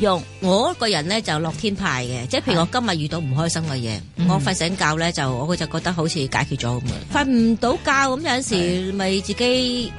用，我個人咧就樂天派嘅，即係譬如我今日遇到唔開心嘅嘢是，我瞓醒覺咧就我佢就覺得好似解決咗咁樣。瞓唔、嗯、到覺咁有陣時咪是自己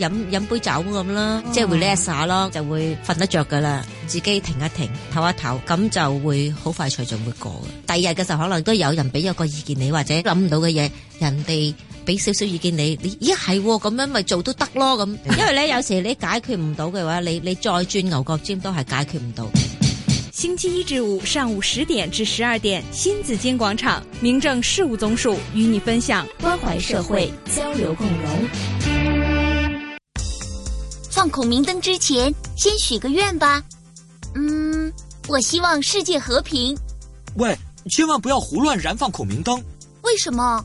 飲飲杯酒咁啦，哦、即係會呢一 s 囉，咯，就會瞓得着噶啦，自己停一停，唞一唞，咁就會好快隨從會過嘅，第二日嘅時候可能都有人俾一個意見你或者諗唔到嘅嘢，人哋。俾少少意見你，你一係咁樣咪做都得咯咁，對因為咧有時你解決唔到嘅話，你你再轉牛角尖都係解決唔到。 星期一至五上午十點至十二點，新紫荊廣場民政事務總署與你分享關懷社會，交流共融。放孔明燈之前，先許個願吧。嗯，我希望世界和平。喂，千萬不要胡亂燃放孔明燈。為什麼？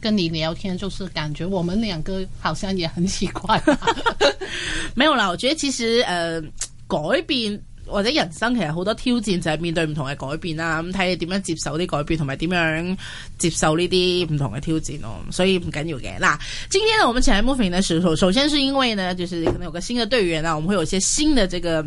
跟你聊天就是感覺我們兩個好像也很奇怪， 沒有啦。我覺得其實呃，改變或者人生其實好多挑戰就係面對唔同嘅改變啦，啊，咁睇你點樣接受啲改變，同埋點樣接受呢啲唔同嘅挑戰咯，啊。所以唔緊要嘅嗱，今天呢，我們請來 moving 名呢，首首先是因為呢，就是可能有個新的隊員啊，我們會有一些新的這個。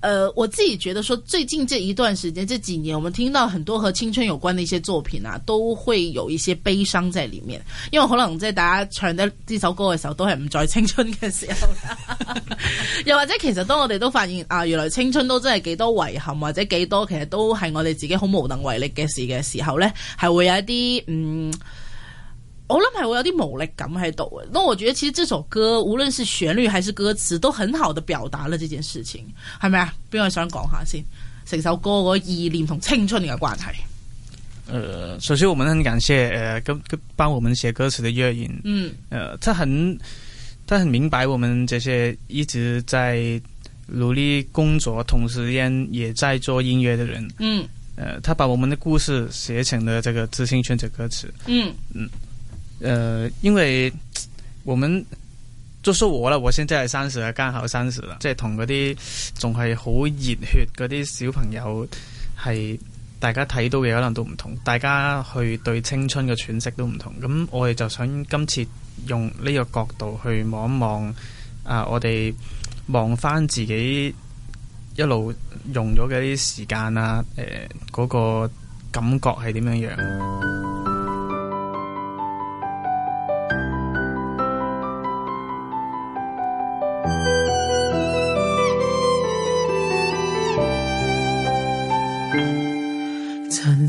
呃，我自己覺得說最近這一段時間，這幾年我們聽到很多和青春有關的一些作品啊，都會有一些悲傷在裏面，因為可能即係大家唱得呢首歌嘅時候，都係唔再青春嘅時候 又或者其實當我哋都發現啊，原來青春都真係幾多遺憾，或者幾多其實都係我哋自己好無能為力嘅事嘅時候呢，係會有一啲嗯。哦、我諗係會有啲無力感，喺度。不過我覺得其實這首歌，無論是旋律還是歌詞，都很好地表達了這件事情，係咪啊？邊個想講下先，成首歌嗰意念同青春嘅關係。誒、呃，首先我們很感謝誒，咁、呃、幫我們寫歌詞嘅月影，嗯，誒、呃，他很他很明白我們這些一直在努力工作，同時間也在做音樂的人，嗯，誒、呃，他把我們的故事寫成了這個《致青春》嘅歌詞，嗯嗯。嗯誒、呃，因為我們，我們就是我啦，我現在三十，剛好三十啦，即係同嗰啲仲係好熱血嗰啲小朋友，係大家睇到嘅，可能都唔同，大家去對青春嘅詮釋都唔同。咁我哋就想今次用呢個角度去望一望，啊、呃，我哋望翻自己一路用咗嘅啲時間啊，誒、呃，嗰、那個感覺係點樣樣？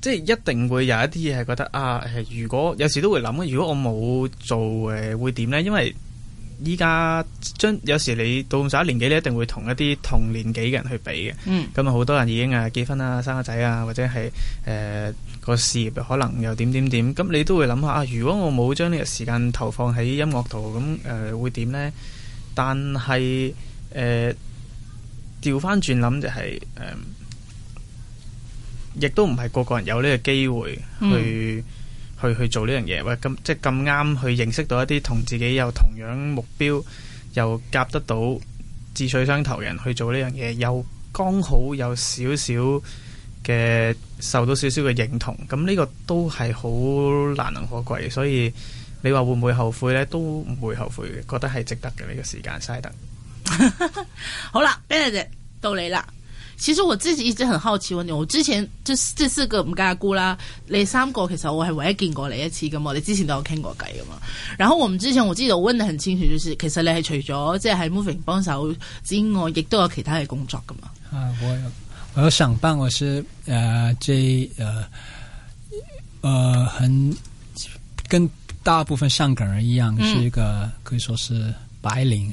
即係一定會有一啲嘢係覺得啊，誒，如果有時都會諗，如果我冇做誒，會點呢？因為依家將有時你到咁上下年紀，你一定會同一啲同年紀嘅人去比嘅。咁啊、嗯，好多人已經誒結婚啦、生個仔啊，或者係誒、呃、個事業可能又點點點。咁你都會諗下啊，如果我冇將呢個時間投放喺音樂度，咁、呃、誒會點咧？但係誒調翻轉諗就係、是、誒。呃亦都唔係個個人有呢個機會去，嗯、去去做呢樣嘢，或者咁即係咁啱去認識到一啲同自己有同樣目標又夾得到志趣相投人去做呢樣嘢，又剛好有少少嘅受到少少嘅認同，咁呢個都係好難能可貴，所以你話會唔會後悔呢？都唔會後悔，覺覺得係值得嘅呢、這個時間晒得。 好啦畀 e n 到你啦。其實我自己一直很好奇問，我你我之前就這四,四個唔家姑啦，你三個其實我係唯一見過你一次噶嘛，你之前都有傾過偈噶嘛。然後我們之前我記得我問的很清楚，就是其實你係除咗即係喺 Moving 幫手之外，亦都有其他嘅工作噶嘛。啊，我我想班我是誒，即係誒，很跟大部分香港人一樣，是一個、嗯、可以說是白領。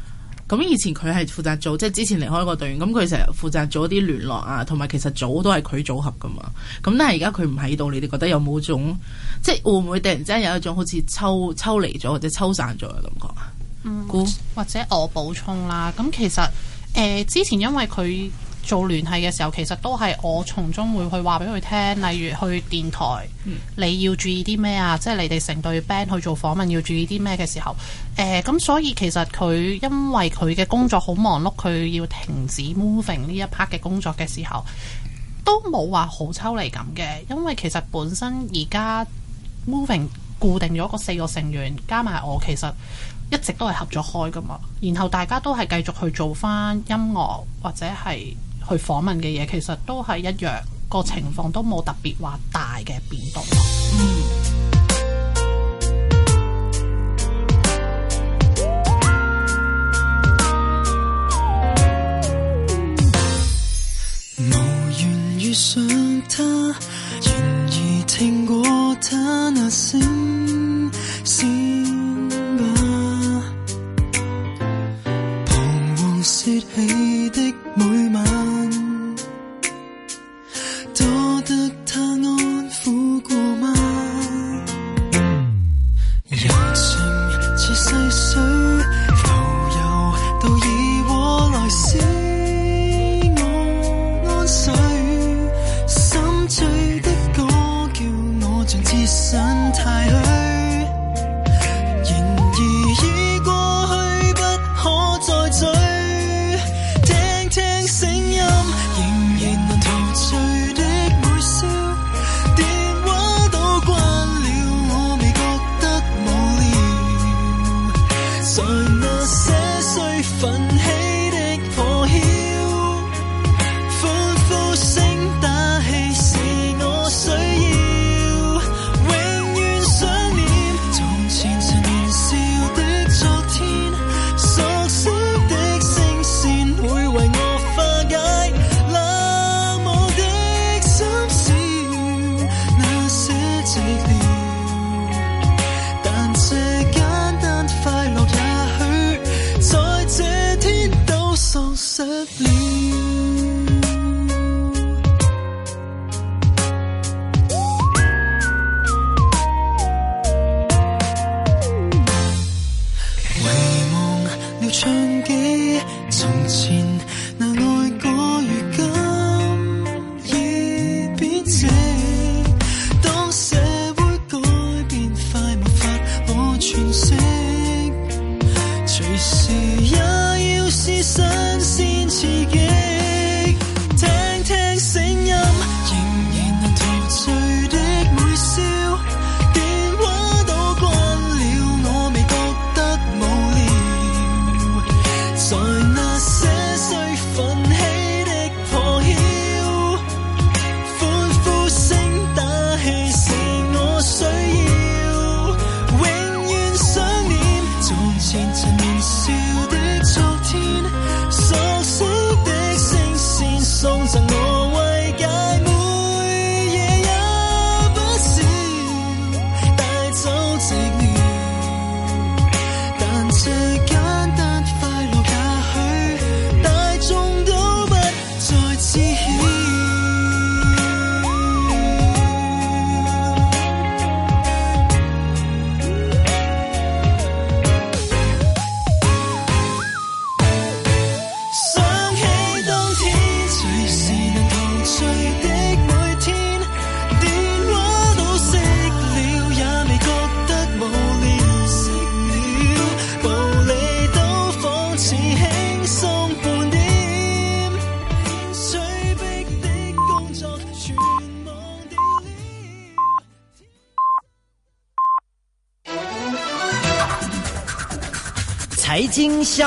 咁以前佢係負責做，即係之前離開個隊員，咁佢成日負責做一啲聯絡啊，同埋其實組都係佢組合噶嘛。咁但係而家佢唔喺度，你哋覺得有冇種即係會唔會突然之間有一種好似抽抽離咗或者抽散咗嘅感覺啊？嗯，估或者我補充啦，咁其實誒、呃、之前因為佢。做聯繫嘅時候，其實都係我從中會去話俾佢聽，例如去電台，嗯、你要注意啲咩啊？即係你哋成隊 band 去做訪問要注意啲咩嘅時候，咁、呃、所以其實佢因為佢嘅工作好忙碌，佢要停止 moving 呢一 part 嘅工作嘅時候，都冇話好抽離咁嘅，因為其實本身而家 moving 固定咗個四個成員加埋我，其實一直都係合作開㗎嘛，然後大家都係繼續去做返音樂或者係。去訪問嘅嘢其實都係一樣，個情況都冇特別話大嘅變動。嗯。無緣遇上他，然而聽過他那聲線吧，彷彿説起的。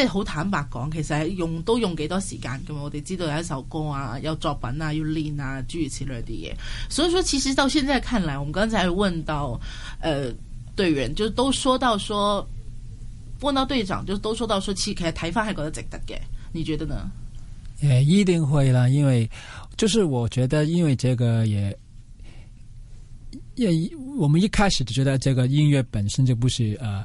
即係好坦白講，其實用都用幾多時間噶嘛？我哋知道有一首歌啊，有作品啊，要練啊，諸如此類啲嘢。所以說，其實到現在看來，我們剛才問到，誒、呃，隊員就都說到說，問到隊長就都說到說，其實睇返係覺得值得嘅，你覺得呢？誒，一定會啦，因為就是我覺得，因為這個也，誒，我們一開始就覺得，這個音樂本身就不是誒。呃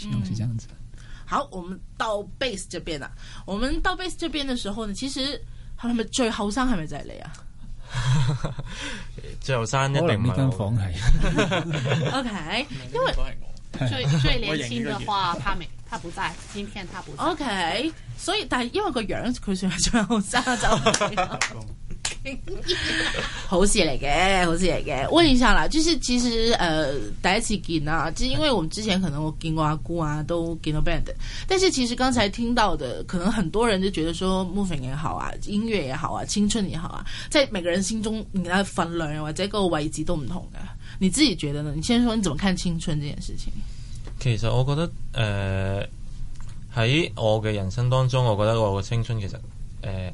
是這樣子、嗯，好，我們到 base 這邊啦。我們到 base 這邊的時候呢，其實係咪最後生還沒在你啊。 最後生一定唔係。 o、okay, K，因為最 最年輕的話 他冇他不在，今天他不在。O、okay, K，所以但係因為個樣佢算係最後生就。 好事嚟嘅，好事嚟嘅。問一下啦，就是其實，誒、呃，第一次見啊，就是、因為我們之前可能我見過阿姑啊，都見到 band。但是其實剛才聽到的，可能很多人就覺得說，moving 也好啊，音樂也好啊，青春也好啊，在每個人心中，你佢嘅份量或者個位置都唔同㗎。你自己覺得呢？你先說，你怎麼看青春呢件事情？其實我覺得，誒、呃，喺我嘅人生當中，我覺得我嘅青春其實，誒、呃。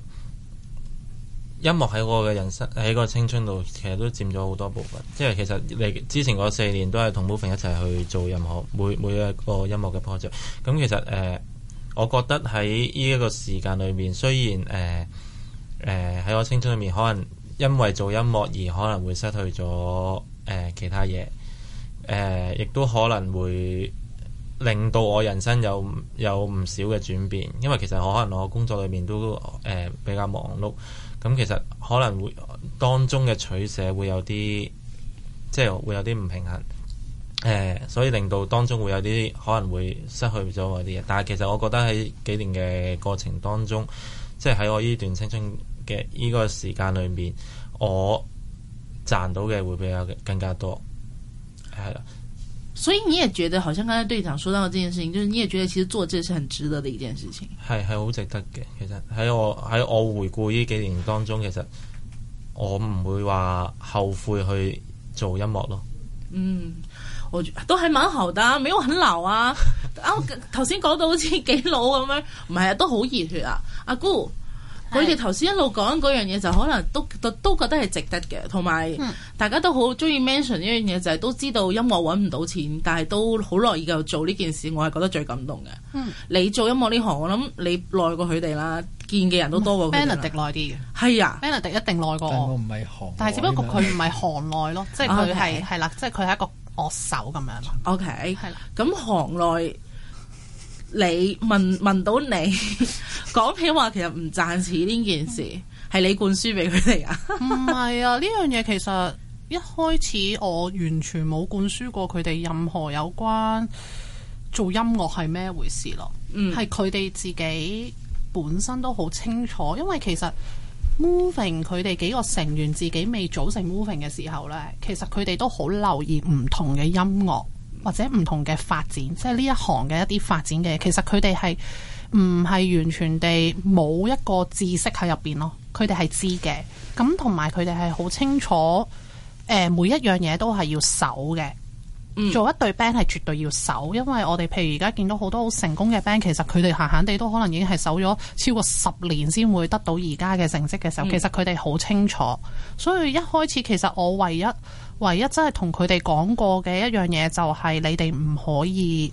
音樂喺我嘅人生喺個青春度，其實都佔咗好多部分。即係其實你之前嗰四年都係同 Moving 一齊去做任何每每一個音樂嘅 project。咁其實誒，我覺得喺呢一個時間裏面，雖然誒誒喺我青春裏面，可能因為做音樂而可能會失去咗誒其他嘢，誒亦都可能會令到我人生有有唔少嘅轉變。因為其實我可能我工作裏面都誒比較忙碌。咁其實可能會當中嘅取捨會有啲，即係會有啲唔平衡，呃，所以令到當中會有啲可能會失去咗嗰啲嘢。但係其實我覺得喺幾年嘅過程當中，即係喺我呢段青春嘅呢個時間裏面，我賺到嘅會比較更加多，係啦。嗯。所以你也覺得，好像剛才隊長說到的這件事情，就是你也覺得其實做這是很值得的一件事情。係，係好值得嘅。其實喺我喺我回顧呢幾年當中，其實我唔會話後悔去做音樂咯。嗯，我覺得都係蠻好嘅，啊，沒有很老啊。 啊，頭先講到好似幾老咁樣，唔係啊，都好熱血啊，阿姑。佢哋頭先一路講嗰樣嘢，就可能都都都覺得係值得嘅，同埋、嗯、大家都好鍾意 mention 呢樣嘢，就係、是、都知道音樂搵唔到錢，但係都好樂意就做呢件事，我係覺得最感動嘅。嗯、你做音樂呢行，我諗你耐過佢哋啦，見嘅人都多過 Bernardine 耐啲嘅。係啊，Bernardine 一定耐過我唔係行。但係只不過佢唔係行內咯，即係佢係係啦，即係佢係一個樂手咁 Okay 樣。OK，係啦的。咁行內。你問問到你講起話，其實唔賺錢呢件事係 你灌輸俾佢哋啊？唔係啊，呢樣嘢，其實一開始我完全冇灌輸過佢哋任何有關做音樂係咩回事咯。嗯，係佢哋自己本身都好清楚，因為其實 Moving 佢哋幾個成員自己未組成 Moving 嘅時候咧，其實佢哋都好留意唔同嘅音樂。或者唔同嘅發展，即係呢一行嘅一啲發展嘅，其實佢哋係唔係完全地冇一個知識喺入邊咯？佢哋係知嘅，咁同埋佢哋係好清楚，誒每一樣嘢都係要守嘅。嗯、做一隊 band 係絕對要守，因為我哋譬如而家見到好多好成功嘅 band，其實佢哋閒閒地都可能已經係守咗超過十年先會得到而家嘅成績嘅時候，嗯、其實佢哋好清楚。所以一開始其實我唯一。唯一真係同佢哋講過嘅一樣嘢，就係你哋唔可以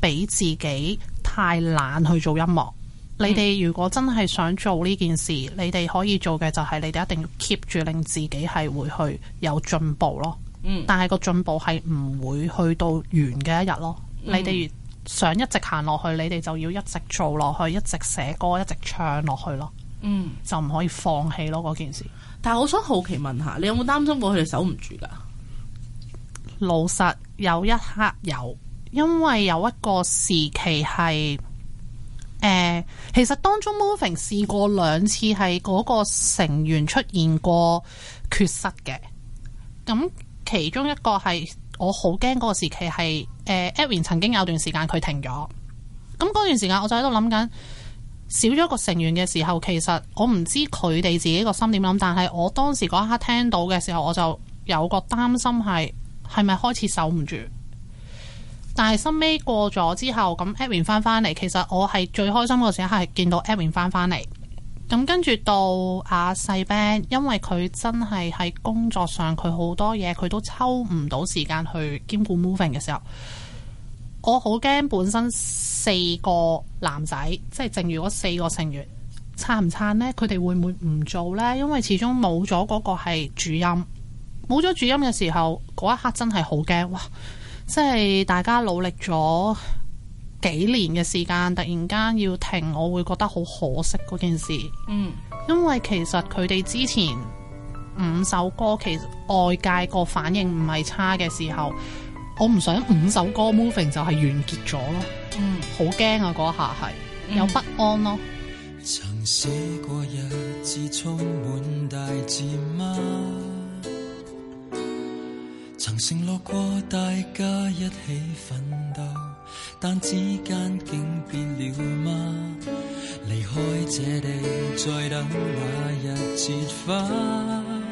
俾自己太懶去做音樂。嗯、你哋如果真係想做呢件事，你哋可以做嘅就係你哋一定要 keep 住令自己係會去有進步咯。嗯、但係個進步係唔會去到完嘅一日咯。嗯、你哋想一直行落去，你哋就要一直做落去，一直寫歌，一直唱落去咯。嗯、就唔可以放棄咯嗰件事。但係我想好奇問下，你有冇擔心過佢哋守唔住噶？老實，有一刻有，因為有一個時期係、呃、其實當中 moving 試過兩次係嗰個成員出現過缺失嘅。咁其中一個係我好驚嗰個時期係 e v e n 曾經有段時間佢停咗。咁嗰段時間，我就喺度諗緊。少咗個成員嘅時候，其實我唔知佢哋自己個心點諗，但係我當時嗰一刻聽到嘅時候，我就有個擔心係係咪開始守唔住？但係收尾過咗之後，咁 Avin 返返嚟，其實我係最開心嘅時刻係見到 Avin 返返嚟。咁跟住到阿細 Ben，因為佢真係喺工作上佢好多嘢，佢都抽唔到時間去兼顧 Moving 嘅時候。我好驚本身四個男仔，即係剩餘嗰四個成員撐唔撐呢？佢哋會唔會唔做呢？因為始終冇咗嗰個係主音，冇咗主音嘅時候，嗰一刻真係好驚！哇，即係大家努力咗幾年嘅時間，突然間要停，我會覺得好可惜嗰件事。嗯，因為其實佢哋之前五首歌，其實外界個反應唔係差嘅時候。我唔想五首歌 moving 就係完結咗咯，好驚、嗯、啊！嗰下係、嗯、有不安咯。曾寫過日子充滿大志嗎？曾承諾過大家一起奮鬥，但之間竟變了嗎？離開這地，再等那日結婚。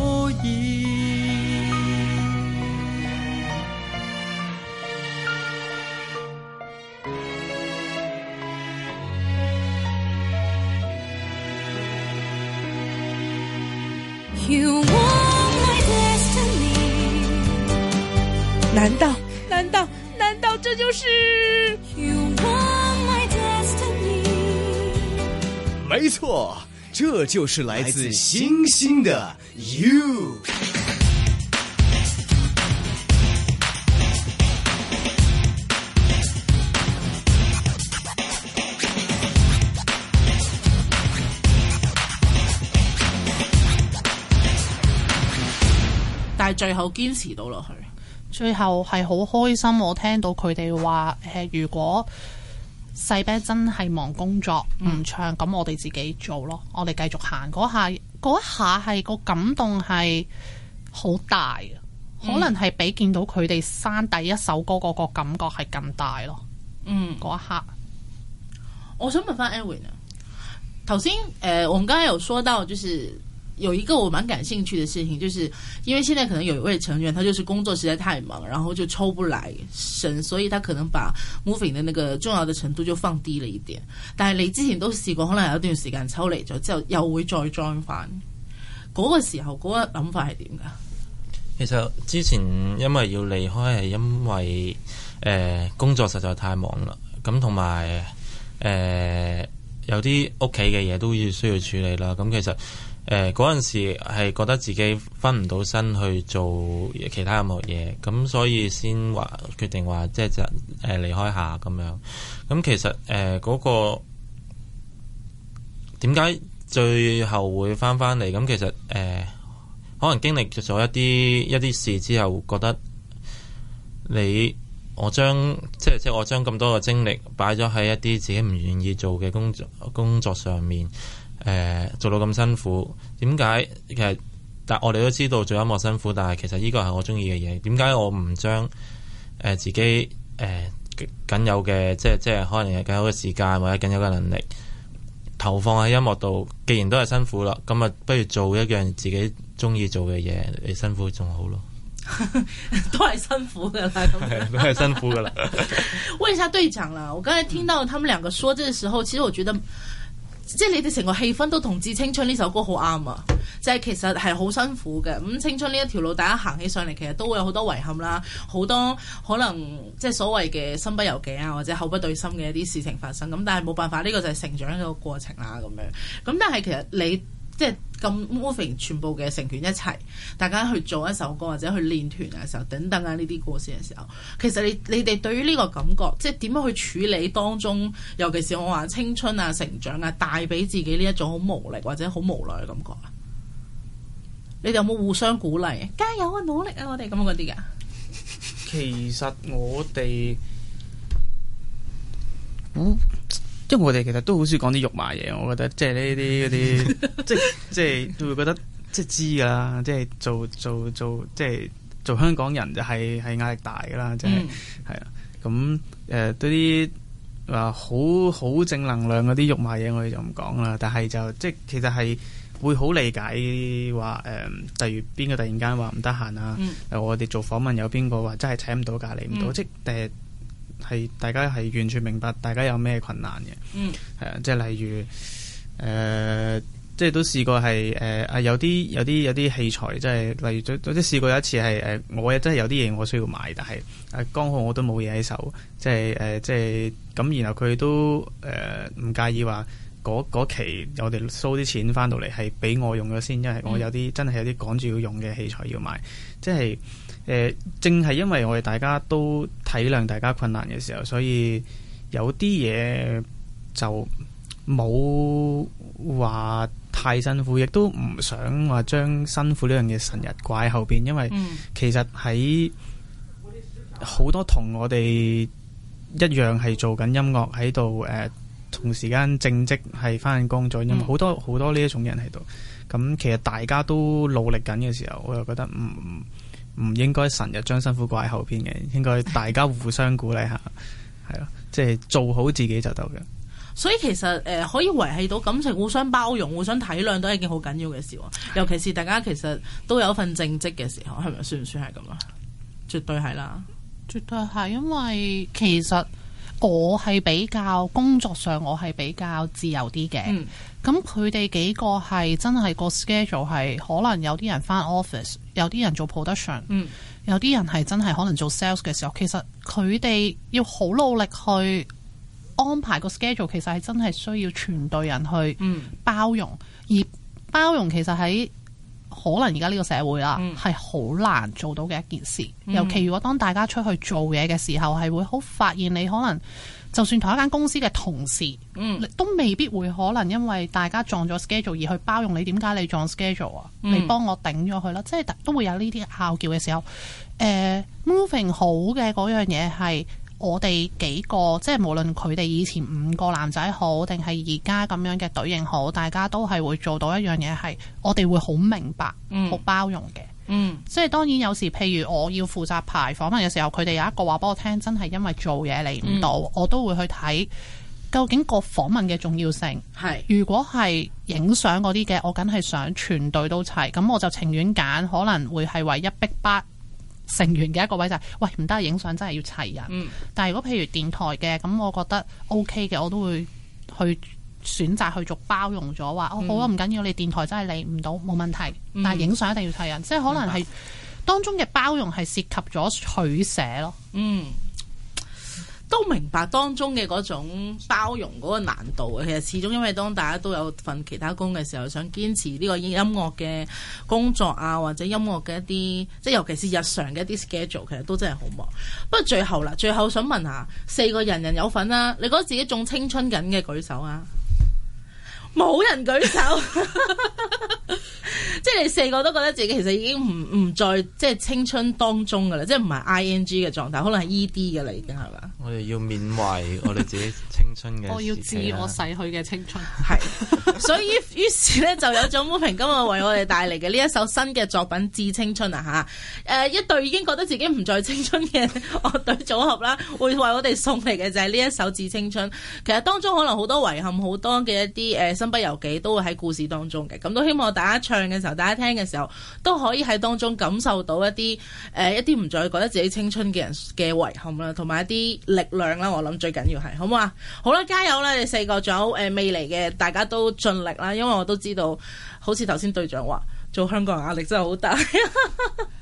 這就是來自星星的 You，但係最後堅持到落去，是最後係好開心，我聽到佢哋話，誒，如果。細啤真係忙工作唔唱，咁我哋自己做咯。嗯、我哋繼續行嗰下，嗰一下係、個感動係好大嘅，嗯、可能係比見到佢哋生第一首歌嗰、個感覺係更大咯。嗯，嗰一刻，我想問翻 Evan，頭先誒，我們剛剛有講到，就是。有一個我蠻感興趣的事情，就是因為現在可能有一位成員，他就是工作實在太忙，然後就抽不來神，所以他可能把 moving 的那個重要的程度就放低了一點。但係你之前都試過，可能有一段時間抽離咗之後，又會再 join 翻，嗰個時候嗰、那個諗法係點噶？其實之前因為要離開係因為誒、呃、工作實在太忙啦，咁同埋誒有啲屋企嘅嘢都要需要處理啦。咁其實。呃、嗰陣時係覺得自己分唔到身去做其他任何嘢，咁所以先話決定話即係就離開下咁樣。咁其實誒嗰、呃嗰個點解最後會翻返嚟？咁其實誒、呃、可能經歷咗一啲一啲事之後，覺得你我將即係即係我將咁多嘅精力擺咗喺一啲自己唔願意做嘅工作工作上面。誒、呃，做到咁辛苦，點解其實？但我哋都知道做音樂辛苦，但係其實呢個係我中意嘅嘢。點解我唔將誒自己誒僅、呃、有嘅，即係即係可能係僅有嘅時間或者僅有嘅能力，投放喺音樂度？既然都係辛苦啦，咁啊，不如做一樣自己中意做嘅嘢，辛苦仲好咯 都係辛苦噶啦，都係辛苦噶啦。問一下隊長啦，我剛才聽到佢哋兩個說嘅時候，其實我覺得。即係你哋成個氣氛都同《致青春》呢首歌好啱啊！即係其實係好辛苦嘅，咁青春呢一條路大家行起上嚟，其實都會有好多遺憾啦，好多可能即係所謂嘅身不由己啊，或者口不對心嘅一啲事情發生。咁但係冇辦法，呢個就係成長一個過程啦。咁樣咁但係其實你，即係咁 moving，全部嘅成員一齊，大家去做一首歌或者去練團嘅時候，等等啊，呢啲故事嘅時候，其實你你哋對於呢個感覺，即係點樣去處理當中，尤其是我話青春啊、成長啊，帶俾自己呢一種好無力或者好無奈嘅感覺啊！你哋有冇互相鼓勵、加油啊、努力啊我？我哋咁樣嗰啲噶？ 其實我哋因為我哋其實都好少講啲肉麻嘢，我覺得即係呢啲嗰啲，即係即係會覺得即係、就是、知噶啦，即係做做做，即係做、就是、做香港人就係係壓力大噶啦，即係係啦。咁誒、嗯，啲好好正能量嗰啲肉麻嘢我哋就唔講啦。但係就即係、就是、其實係會好理解話誒、呃，例如邊個突然間話唔得閒啊，我哋做訪問有邊個話真係請唔到假，嚟唔到，不到嗯、即係。呃係大家係完全明白，大家有咩困難嘅，係、嗯、啊，即係例如，誒、呃，即係都試過係誒啊，有啲有啲有啲器材，即係例如，總總之試過有一次係誒、呃，我真係有啲嘢我需要買，但係誒、啊、剛好我都冇嘢喺手，即係誒、呃、即係咁，然後佢都誒唔、呃、介意話，嗰期我哋收啲錢翻到嚟係俾我用咗先，因為我有啲、嗯、真係有啲趕住要用嘅器材要買，即係。呃、正係因為我哋大家都體諒大家困難嘅時候，所以有啲嘢就冇話太辛苦，亦都唔想話將辛苦呢樣嘢成日掛後邊，因為其實喺好多同我哋一樣係做緊音樂喺度，誒、呃，同時間正職係翻緊工作，因為、嗯，好多好多呢一種人喺度，咁其實大家都努力緊嘅時候，我又覺得唔。嗯唔應該成日將辛苦掛喺後邊嘅，應該大家互相鼓勵一下，係咯， 即係做好自己就得嘅。所以其實誒，可以維繫到感情，互相包容、互相體諒，都係一件好緊要嘅事。的尤其是大家其實都有份正職嘅時候，係咪算唔算係咁啊？絕對係啦，絕對係，因為其實我係比較工作上，我係比較自由啲嘅。嗯咁佢哋幾個係真係個 schedule 係可能有啲人返 office，有啲人做 production，嗯、有啲人係真係可能做 sales 嘅時候，其實佢哋要好努力去安排個 schedule，其實係真係需要全隊人去包容，嗯、而包容其實喺可能而家呢個社會啦，係好、嗯、難做到嘅一件事。尤其如果當大家出去做嘢嘅時候，係會好發現你可能，就算同一間公司嘅同事，嗯、都未必會可能因為大家撞咗 schedule 而去包容你。點解你撞 schedule 啊？嗯、你幫我頂咗佢啦，即係都會有呢啲拗撬嘅時候。呃、moving 好嘅嗰樣嘢係我哋幾個，即係無論佢哋以前五個男仔好，定係而家咁樣嘅隊型好，大家都係會做到一樣嘢係，我哋會好明白，好、嗯、包容嘅。嗯，即係當然有時，譬如我要負責排訪問嘅時候，佢哋有一個話俾我聽，真係因為做嘢嚟唔到，嗯、我都會去睇究竟個訪問嘅重要性。係是如果係影相嗰啲嘅，我梗係想全隊都齊，咁我就情願揀可能會係唯一逼巴成員嘅一個位就係，喂，唔得，影相真係要齊人。嗯、但係如果譬如電台嘅，咁我覺得 OK 嘅，我都會去，選擇去做包容咗，話哦，好啦，唔緊要，你電台真係理唔到，冇問題。嗯、但係影相一定要睇人，嗯、即係可能係明白，當中嘅包容係涉及咗取捨咯。嗯，都明白當中嘅嗰種包容嗰個難度，其實始終因為當大家都有份其他工嘅時候，想堅持呢個音樂嘅工作啊，或者音樂嘅一啲即尤其是日常嘅一啲 schedule，其實都真係好忙。不過最後啦，最後想問下四個人人有份啦、啊，你覺得自己仲青春緊嘅舉手啊！冇人舉手， 即係你四個都覺得自己其實已經唔唔在即係青春當中噶啦，即係唔係 I N G 嘅狀態，可能係 E D 噶啦，已經係咪？我哋要緬懷我哋自己青春嘅，啊、 我要自我逝去嘅青春係， 所以於是咧就有咗 Moving 今日為我哋帶嚟嘅呢一首新嘅作品《致青春》啊吓，誒、啊、一隊已經覺得自己唔在青春嘅樂隊組合啦，會為我哋送嚟嘅就係、是、呢一首《致青春》，其實當中可能好多遺憾多，好多嘅一啲誒。身不由己都會喺故事當中嘅，咁都希望大家唱嘅時候，大家聽嘅時候都可以喺當中感受到一啲誒、呃、一啲唔再覺得自己青春嘅人嘅遺憾啦，同埋一啲力量啦。我諗最緊要係好唔好啊？好啦，加油啦！你四個組、呃、未來嘅大家都盡力啦，因為我都知道好似頭先隊長話，做香港人壓力真係好大。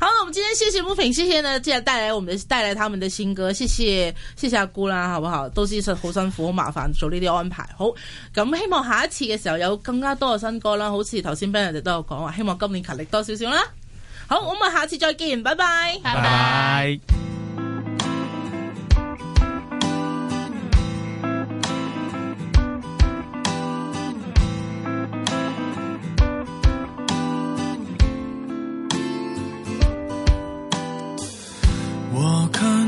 好，我們今天謝謝木平，謝謝呢，既然帶來我們的帶來他們的新歌，謝謝謝謝阿姑啦，好不好？都是一好辛苦，好麻煩做呢啲安排。好，咁希望下一次嘅時候有更加多嘅新歌啦，好似頭先畀人哋都有講話，希望今年勤力多少少啦。好，咁啊，下次再見，拜拜，拜拜。